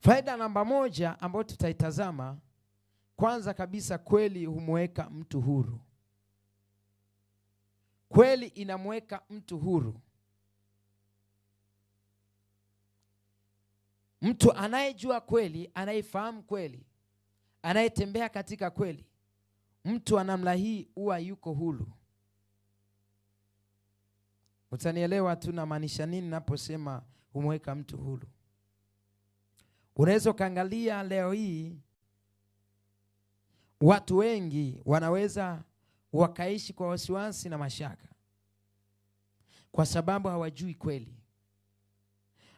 Faida namba moja ambayo tutaitazama, kwanza kabisa, kweli humweka mtu huru. Kweli inamweka mtu huru. Mtu anayejua kweli, anayefahamu kweli, anayetembea katika kweli, mtu wa namna hii huwa yuko huru. Utanielewa tu namaanisha nini naposema humweka mtu huru. Unaweza ukaangalia leo hii watu wengi wanaweza wakaishi kwa wasiwasi na mashaka kwa sababu hawajui kweli,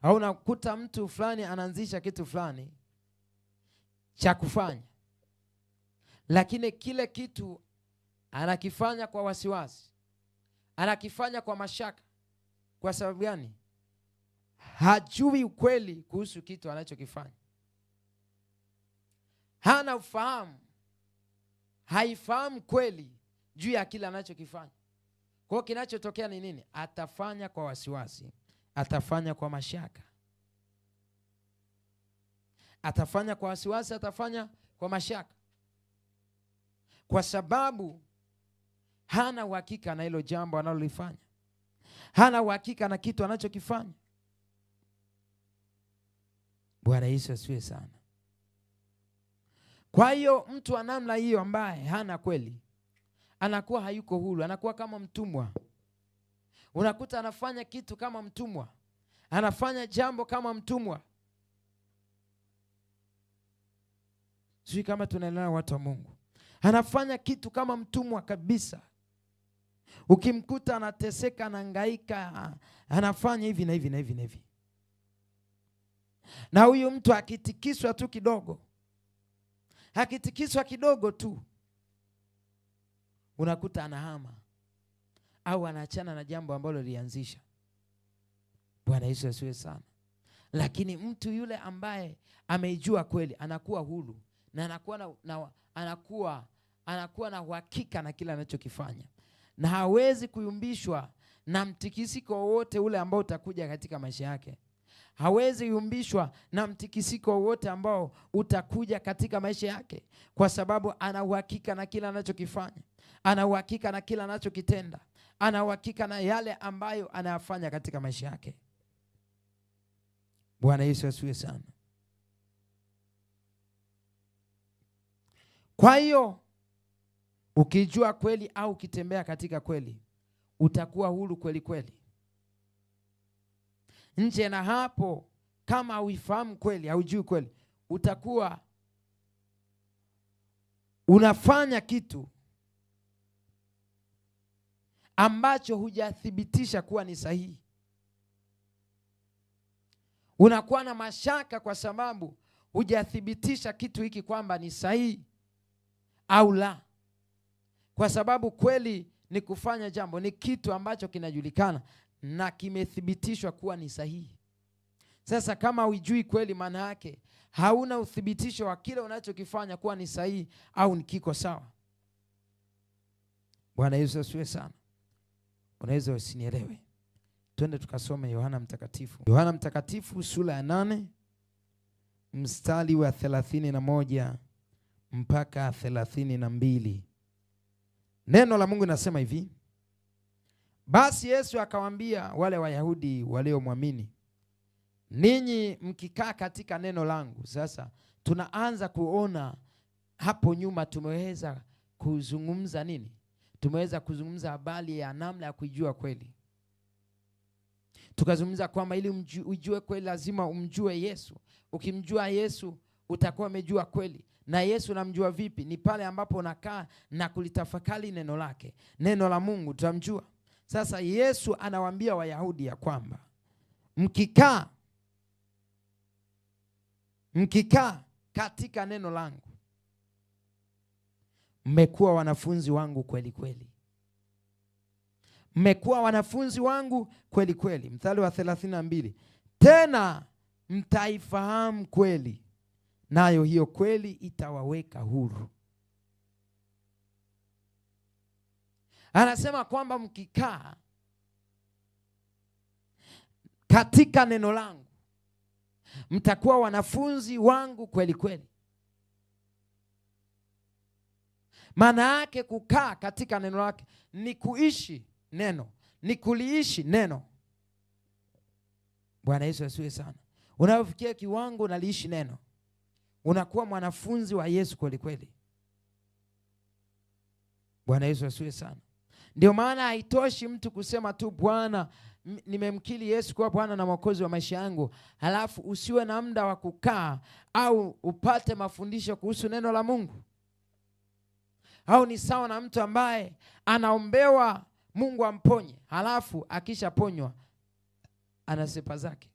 au unakuta mtu fulani anaanzisha kitu fulani cha kufanya, lakini kile kitu anakifanya kwa wasiwasi, anakifanya kwa mashaka. Kwa sababu gani? hajui ukweli kuhusu kitu anachokifanya, hana ufahamu, haifahamu kweli juu ya kile anachokifanya. kwao kinachotokea ni nini? Atafanya kwa wasiwasi, atafanya kwa mashaka, atafanya kwa wasiwasi, atafanya kwa mashaka, kwa sababu hana uhakika na hilo jambo analolifanya, hana uhakika na kitu anachokifanya Bwana Yesu asiwe sana. Kwa hiyo mtu wa namna hiyo ambaye hana kweli anakuwa hayuko huru, anakuwa kama mtumwa. Unakuta anafanya kitu kama mtumwa, anafanya jambo kama mtumwa. Sijui kama tunaelewa, watu wa Mungu. Anafanya kitu kama mtumwa kabisa. Ukimkuta anateseka, anahangaika, anafanya hivi na hivi na hivi na hivi na huyu mtu akitikiswa tu kidogo, akitikiswa kidogo tu, unakuta anahama au anaachana na jambo ambalo lilianzisha. Bwana Yesu asiwe sana. Lakini mtu yule ambaye ameijua kweli anakuwa huru na anakuwa na, na, anakuwa, anakuwa na uhakika na kile anachokifanya na hawezi kuyumbishwa na mtikisiko wowote ule ambao utakuja katika maisha yake, hawezi yumbishwa na mtikisiko wowote ambao utakuja katika maisha yake, kwa sababu ana uhakika na kila anachokifanya, ana uhakika na kila anachokitenda, ana uhakika na yale ambayo anayafanya katika maisha yake. Bwana Yesu asiwe sana. Kwa hiyo ukijua kweli au ukitembea katika kweli utakuwa huru kweli kweli. Nje na hapo, kama hauifahamu kweli, haujui kweli, utakuwa unafanya kitu ambacho hujathibitisha kuwa ni sahihi. Unakuwa na mashaka kwa sababu hujathibitisha kitu hiki kwamba ni sahihi au la, kwa sababu kweli ni kufanya jambo, ni kitu ambacho kinajulikana na kimethibitishwa kuwa ni sahihi. Sasa kama hujui kweli maana yake, hauna uthibitisho wa kile unachokifanya kuwa ni sahihi au ni kiko sawa. Bwana Yesu asiwe sana, unaweza usinielewe. Twende tukasome Yohana Mtakatifu, Yohana Mtakatifu sura ya nane mstari wa thelathini na moja mpaka thelathini na mbili. Neno la Mungu linasema hivi basi Yesu akawaambia wale Wayahudi waliomwamini, ninyi mkikaa katika neno langu. Sasa tunaanza kuona hapo nyuma tumeweza kuzungumza nini? Tumeweza kuzungumza habari ya namna ya kuijua kweli, tukazungumza kwamba ili ujue kweli lazima umjue Yesu. Ukimjua Yesu utakuwa umejua kweli na Yesu namjua vipi? Ni pale ambapo unakaa na kulitafakari neno lake, neno la Mungu, tutamjua sasa Yesu anawaambia Wayahudi ya kwamba mkikaa mkikaa katika neno langu mmekuwa wanafunzi wangu kweli kweli, mmekuwa wanafunzi wangu kweli kweli. Mstari wa 32, tena mtaifahamu kweli, nayo hiyo kweli itawaweka huru. Anasema kwamba mkikaa katika neno langu mtakuwa wanafunzi wangu kweli kweli. Maana yake kukaa katika neno lake ni kuishi neno, ni kuliishi neno. Bwana Yesu asiwe sana. Unapofikia kiwango unaliishi neno, unakuwa mwanafunzi wa Yesu kweli kweli. Bwana Yesu asiwe sana. Ndio maana haitoshi mtu kusema tu Bwana, nimemkili Yesu kuwa Bwana na Mwokozi wa maisha yangu, halafu usiwe na muda wa kukaa au upate mafundisho kuhusu neno la Mungu. Au ni sawa na mtu ambaye anaombewa Mungu amponye, halafu akishaponywa ana sifa zake.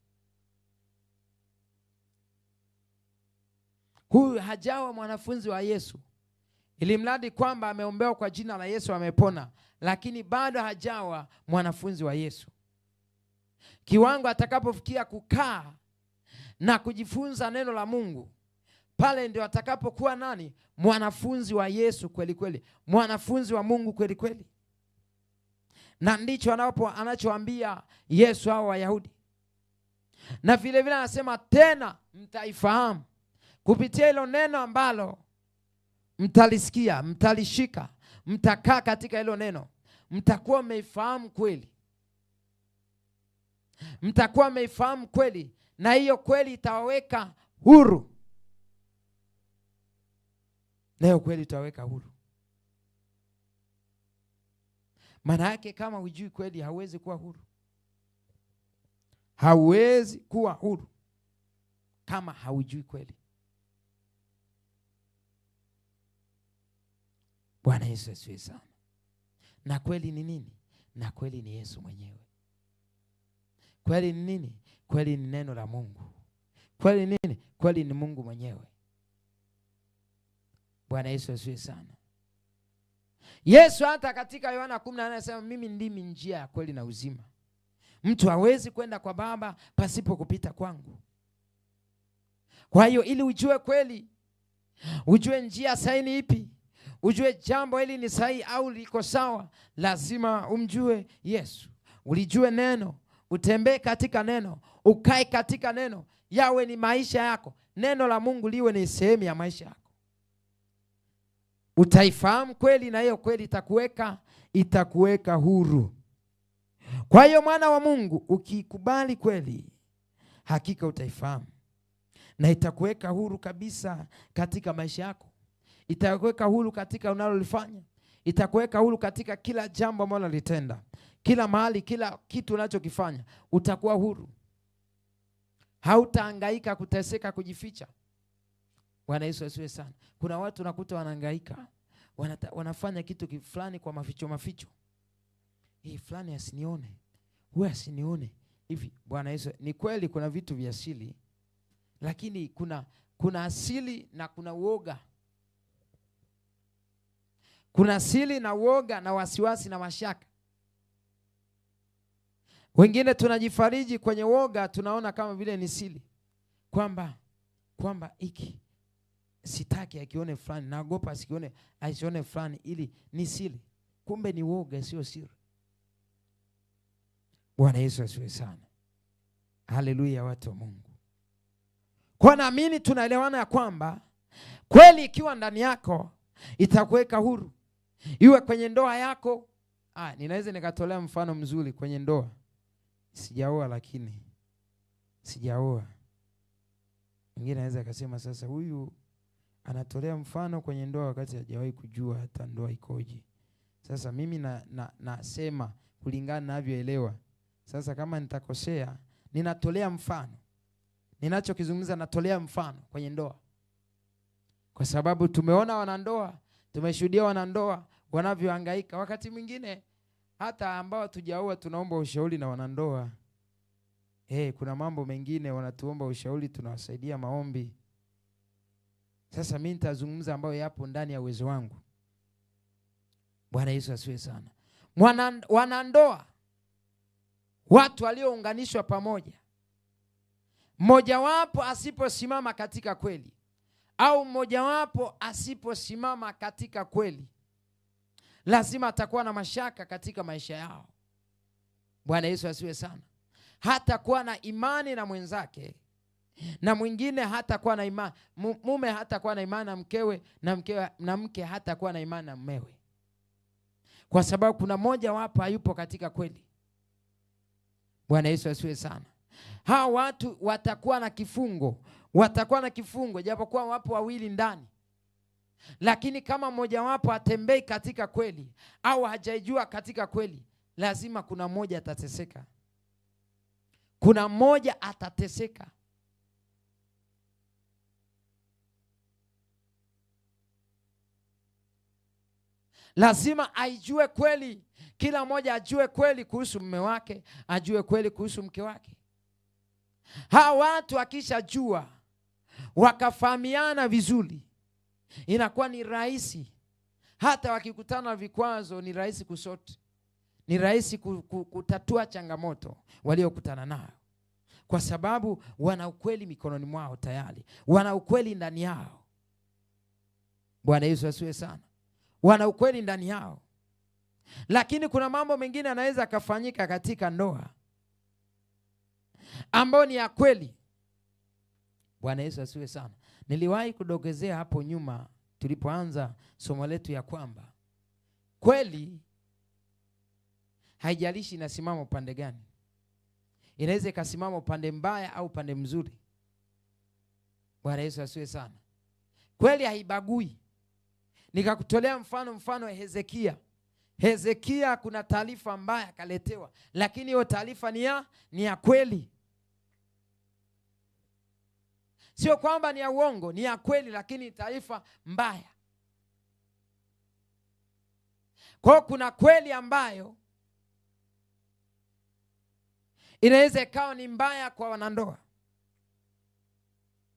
Huyu hajawa mwanafunzi wa Yesu, ili mradi kwamba ameombewa kwa jina la Yesu amepona, lakini bado hajawa mwanafunzi wa Yesu. Kiwango atakapofikia kukaa na kujifunza neno la Mungu, pale ndio atakapokuwa nani? Mwanafunzi wa Yesu kweli kweli, mwanafunzi wa Mungu kweli kweli. Na ndicho anapo anachoambia Yesu hao Wayahudi, na vilevile anasema tena, mtaifahamu kupitia hilo neno ambalo mtalisikia, mtalishika, mtakaa katika hilo neno, mtakuwa mmeifahamu kweli, mtakuwa mmeifahamu kweli, na hiyo kweli itawaweka huru, na hiyo kweli itawaweka huru. Maana yake kama hujui kweli, hauwezi kuwa huru, hauwezi kuwa huru kama haujui kweli. Bwana Yesu asifiwe sana. Na kweli ni nini? Na kweli ni Yesu mwenyewe. Kweli ni nini? Kweli ni neno la Mungu. Kweli ni nini? Kweli ni Mungu mwenyewe. Bwana Yesu asifiwe sana. Yesu hata katika Yohana 14 anasema mimi ndimi njia ya kweli na uzima, mtu hawezi kwenda kwa Baba pasipo kupita kwangu. Kwa hiyo ili ujue kweli, ujue njia saini ipi ujue jambo hili ni sahihi au liko sawa, lazima umjue Yesu, ulijue neno, utembee katika neno, ukae katika neno, yawe ni maisha yako. Neno la Mungu liwe ni sehemu ya maisha yako. Utaifahamu kweli, na hiyo kweli itakuweka itakuweka huru. Kwa hiyo mwana wa Mungu, ukikubali kweli, hakika utaifahamu na itakuweka huru kabisa katika maisha yako itakuweka huru katika unalolifanya, itakuweka huru katika kila jambo ambalo unalitenda, kila mahali, kila kitu unachokifanya, utakuwa huru. Hautahangaika kuteseka, kujificha. Bwana Yesu asiwe sana. Kuna watu nakuta wanahangaika, wanafanya kitu fulani kwa maficho maficho, hii fulani asinione, huyu asinione hivi. Bwana Yesu, ni kweli kuna vitu vya asili, lakini kuna kuna asili na kuna uoga. Kuna siri na uoga na wasiwasi na mashaka. Wengine tunajifariji kwenye woga tunaona kama vile ni siri kwamba kwamba hiki sitaki akione fulani, naogopa asione asione fulani, ili ni siri. Kumbe ni woga sio siri. Bwana Yesu asiwe sana. Haleluya, watu wa Mungu. Kwa naamini tunaelewana ya kwamba kweli ikiwa ndani yako itakuweka huru iwe kwenye ndoa yako. Ah, ninaweza nikatolea mfano mzuri kwenye ndoa. Sijaoa lakini sijaoa. Mwingine anaweza akasema sasa, huyu anatolea mfano kwenye ndoa wakati hajawahi kujua hata ndoa ikoje. Sasa mimi na, na, nasema kulingana navyoelewa. Sasa kama nitakosea, ninatolea mfano, ninachokizungumza natolea mfano kwenye ndoa, kwa sababu tumeona wanandoa Tumeshuhudia wanandoa wanavyohangaika, wakati mwingine hata ambao tujaua tunaomba ushauri na wanandoa. Hey, eh, kuna mambo mengine wanatuomba ushauri, tunawasaidia maombi. Sasa mimi nitazungumza ambayo yapo ndani ya uwezo wangu. Bwana Yesu asiwe sana. wanandoa watu waliounganishwa pamoja, mmojawapo asiposimama katika kweli au mmojawapo asiposimama katika kweli, lazima atakuwa na mashaka katika maisha yao. Bwana Yesu asiwe sana. Hatakuwa na imani na mwenzake na mwingine hatakuwa na imani, mume hatakuwa na imani na mkewe, na mkewe na mke hatakuwa na imani na mmewe, kwa sababu kuna mmoja wapo hayupo katika kweli. Bwana Yesu asiwe sana. Hawa watu watakuwa na kifungo, watakuwa na kifungo, japokuwa wapo wawili ndani lakini kama mmojawapo atembei katika kweli au hajaijua katika kweli, lazima kuna mmoja atateseka, kuna mmoja atateseka. Lazima aijue kweli, kila mmoja ajue kweli kuhusu mume wake, ajue kweli kuhusu mke wake. Hawa watu wakishajua wakafahamiana vizuri, inakuwa ni rahisi, hata wakikutana vikwazo ni rahisi kusoti, ni rahisi kutatua changamoto waliokutana nayo, kwa sababu wana ukweli mikononi mwao tayari, wana ukweli ndani yao. Bwana Yesu asiwe sana, wana ukweli ndani yao, lakini kuna mambo mengine anaweza akafanyika katika ndoa ambayo ni ya kweli. Bwana Yesu asiwe sana. Niliwahi kudokezea hapo nyuma tulipoanza somo letu ya kwamba kweli haijalishi inasimama upande gani, inaweza ikasimama upande mbaya au upande mzuri. Bwana Yesu asiwe sana. Kweli haibagui. Nikakutolea mfano, mfano wa Hezekia. Hezekia kuna taarifa mbaya akaletewa, lakini hiyo taarifa ni ya ni ya kweli. Sio kwamba ni ya uongo, ni ya kweli, lakini taarifa mbaya. Kwa kuna kweli ambayo inaweza ikawa ni mbaya kwa wanandoa.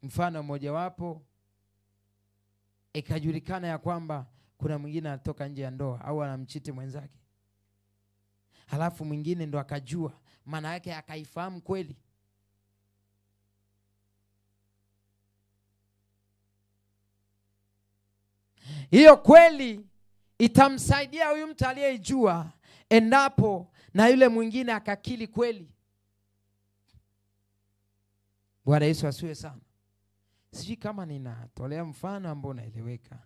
Mfano mmojawapo ikajulikana ya kwamba kuna mwingine anatoka nje ya ndoa au anamchiti mwenzake, halafu mwingine ndo akajua maana yake, akaifahamu kweli Hiyo kweli itamsaidia huyu mtu aliyeijua endapo na yule mwingine akakili kweli. Bwana Yesu asiwe sana. Sijui kama ninatolea mfano ambao unaeleweka,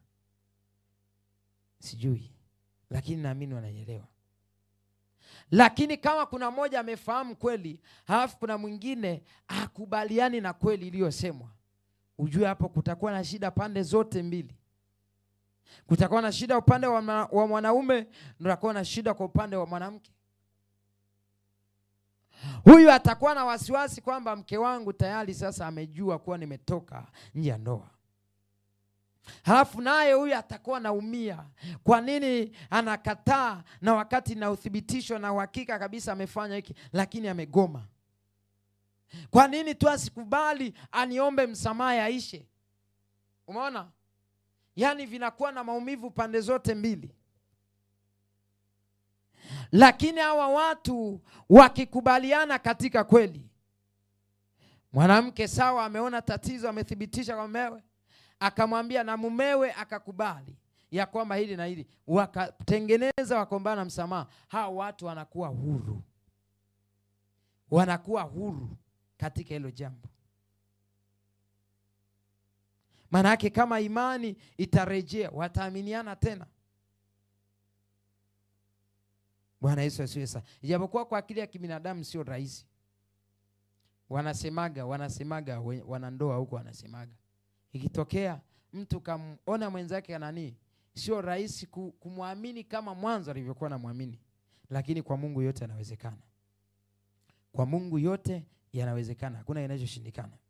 sijui, lakini naamini wanaelewa Lakini kama kuna mmoja amefahamu kweli, halafu kuna mwingine akubaliani na kweli iliyosemwa, ujue hapo kutakuwa na shida pande zote mbili. Kutakuwa na shida upande wa, mwanaume, nitakuwa na shida kwa upande wa mwanamke. Huyu atakuwa na wasiwasi kwamba mke wangu tayari sasa amejua kuwa nimetoka nje ya ndoa. Halafu naye huyu atakuwa naumia, kwa nini anakataa na wakati na uthibitisho na uhakika kabisa amefanya hiki, lakini amegoma. Kwa nini tu asikubali aniombe msamaha aishe? Umeona? yaani vinakuwa na maumivu pande zote mbili. Lakini hawa watu wakikubaliana katika kweli, mwanamke sawa, ameona tatizo, amethibitisha kwa mumewe, akamwambia na mumewe akakubali ya kwamba hili na hili, wakatengeneza, wakombana msamaha, hawa watu wanakuwa huru, wanakuwa huru katika hilo jambo. Maana yake kama imani itarejea, wataaminiana tena. Bwana Yesu asiwe sana. Ijapokuwa kwa akili ya kibinadamu sio rahisi, wanasemaga wanasemaga wanandoa huko wanasemaga, ikitokea mtu kamona mwenzake nani, sio rahisi kumwamini kama mwanzo alivyokuwa namwamini, lakini kwa Mungu yote yanawezekana. Kwa Mungu yote yanawezekana, hakuna inachoshindikana.